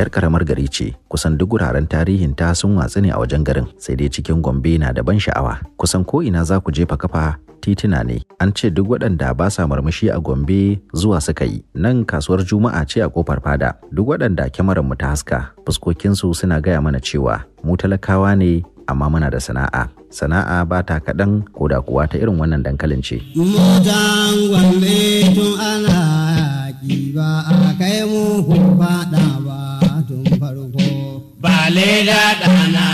'yar karamar gari ce kusan duk wuraren tarihin ta sun watsu ne a wajen garin sai dai cikin gombe na da ban sha'awa kusan ko ina za ku jefa kafa tituna ne an ce duk waɗanda ba sa murmushi a gombe zuwa suka yi nan kasuwar juma'a ce a kofar fada duk waɗanda kyamarar mu ta haska fuskokinsu suna gaya mana cewa mu talakawa ne amma muna da sana'a sana'a ba ta kaɗan ko da kuwa ta irin wannan dankalin ce ba a kai mu ba da ɗana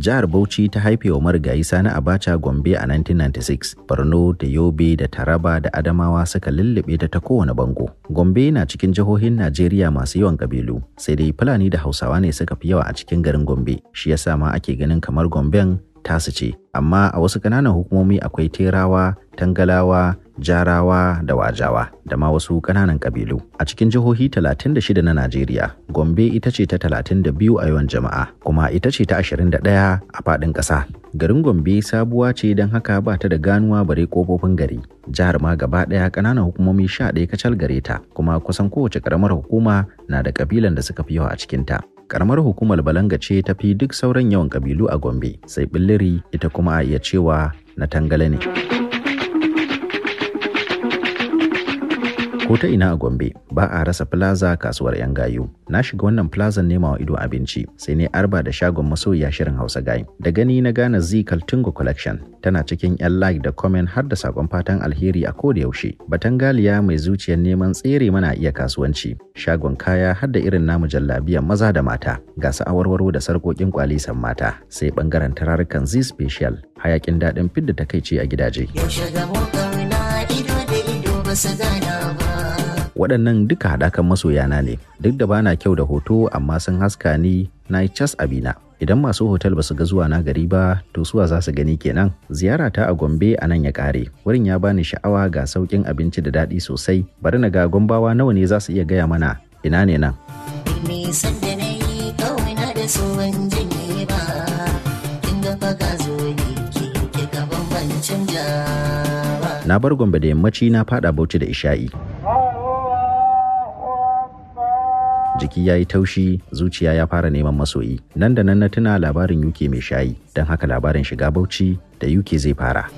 Jihar Bauchi ta haife wa marigayi Sani Abacha Gombe a 1996, Borno da Yobe da Taraba da Adamawa suka lullube ta ta kowane bango. Gombe na cikin jihohin Najeriya masu yawan kabilu, sai dai Fulani da Hausawa ne suka fi yawa a cikin garin Gombe, shi yasa ma ake ganin kamar Gomben tasu ce. Amma a wasu ƙananan hukumomi akwai Terawa, Tangalawa, jarawa da wajawa da ma wasu ƙananan ƙabilu a cikin jihohi 36 na najeriya gombe ita ce ta 32 a yawan jama'a kuma ita ce ta 21 a faɗin ƙasa garin gombe sabuwa ce don haka ba ta da ganuwa bare kofofin gari jihar ma gaba ɗaya ƙananan hukumomi sha ɗaya kacal gare ta kuma kusan kowace ƙaramar hukuma na da ƙabilan da suka fi yawa a cikin ta. Ƙaramar hukumar balanga ce ta fi duk sauran yawan kabilu a gombe sai billiri ita kuma a iya cewa na tangale ne. ko ta ina a gombe ba a rasa plaza kasuwar yan gayu na shiga wannan plaza nema wa ido abinci sai ne arba da shagon masoya shirin hausa gayi da gani na gane z kaltungo collection tana cikin yan like da comment har da sakon fatan alheri a koda yaushe batangaliya mai zuciyar neman tsere mana iya kasuwanci shagon kaya har da irin namu jallabiyan maza da mata ga su awarwaro da sarƙoƙin kwalisan mata sai bangaren tararrukan z special hayakin daɗin fidda takaici a gidaje. Yaushe gana ba waɗannan duka haɗakan masoyana ne duk da bana kyau da hoto amma sun haska ni na yi cas abina idan masu hotel ba su ga zuwa na gari ba to suwa za su gani kenan ziyara ta a gombe a nan ya kare wurin ya bani sha'awa ga sauƙin abinci da daɗi sosai bari na ga gombawa nawa ne za su iya gaya mana ina ne nan na bar gombe da yammaci na fada bauchi da isha'i jiki ya yi taushi zuciya ya fara neman masoyi nan da nan na tuna labarin yuke mai shayi don haka labarin shiga bauchi da yuke zai fara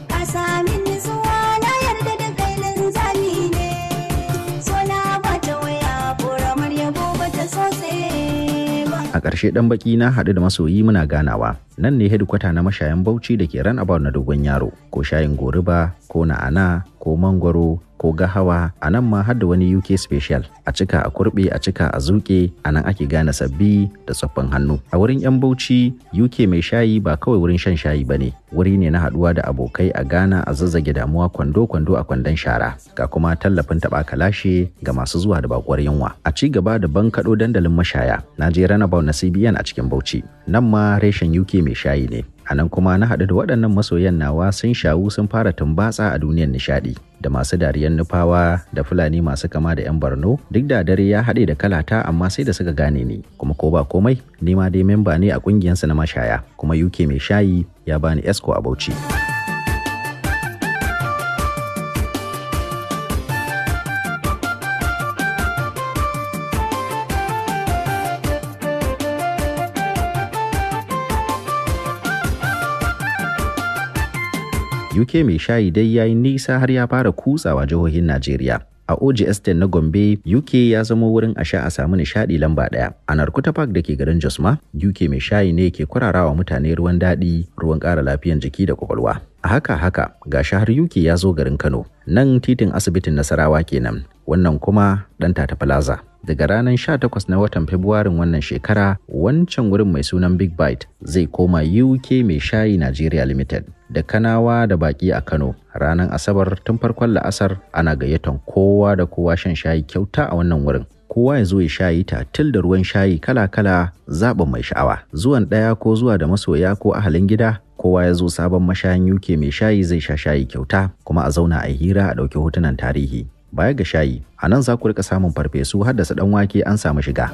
a ƙarshe ɗan baki na haɗu da masoyi muna ganawa nan ne hedikwata na mashayan bauchi da ke ran na dogon yaro ko shayin goriba ko na'ana ko mangwaro ko gahawa a nan ma har da wani UK special a cika a kurbe a cika a zuke a nan ake gane sabbi da tsoffin hannu a wurin yan bauchi UK mai shayi ba kawai wurin shan shayi bane wuri ne na haduwa da abokai a gana a zazzage damuwa kwando kwando a kwandon shara ga kuma tallafin taba kalashe ga masu zuwa da bakuwar yunwa a ci gaba da bankado dandalin mashaya na je na CBN a cikin Bauchi nan ma reshen UK mai shayi ne anan kuma na haɗu da waɗannan masoyan nawa sun shawu sun fara tumbatsa a duniyar nishaɗi da masu dariyar nufawa da fulani masu kama da 'yan barno duk da dare ya haɗe da kalata amma sai da suka gane ni kuma ko ba komai ni ma dai memba ne a ƙungiyarsa na mashaya kuma uk mai shayi ya bani esco a bauchi. uk mai shayi dai ya yi nisa har ya fara kutsawa jihohin najeriya a OGS na Gombe, UK ya zama wurin a sha a samu nishaɗi lamba ɗaya. A Narkuta Park da ke garin Josma, ma, UK mai shayi ne ke kwararawa mutane ruwan daɗi, ruwan ƙara lafiyan jiki da kwakwalwa. A haka haka, ga har UK ya zo garin Kano, nan titin asibitin Nasarawa kenan, wannan kuma ɗan Tata Plaza. daga ranar 18 na watan Fabrairun wannan shekara wancan wurin mai sunan Big Bite zai koma UK mai shayi Nigeria Limited da Kanawa da baki a Kano ranar Asabar tun farkon la'asar ana gayyaton kowa da kowa shan shayi kyauta a wannan wurin. kowa ya zo ya shayi tatil da ruwan shayi kala-kala zaɓin mai sha'awa zuwan ɗaya ko zuwa da masoya ko ahalin gida kowa ya zo sabon mashayin UK mai shayi zai sha shayi kyauta kuma a zauna a hira a ɗauki hotunan tarihi baya ga shayi a nan za ku rika samun farfesu har da su wake an samu shiga.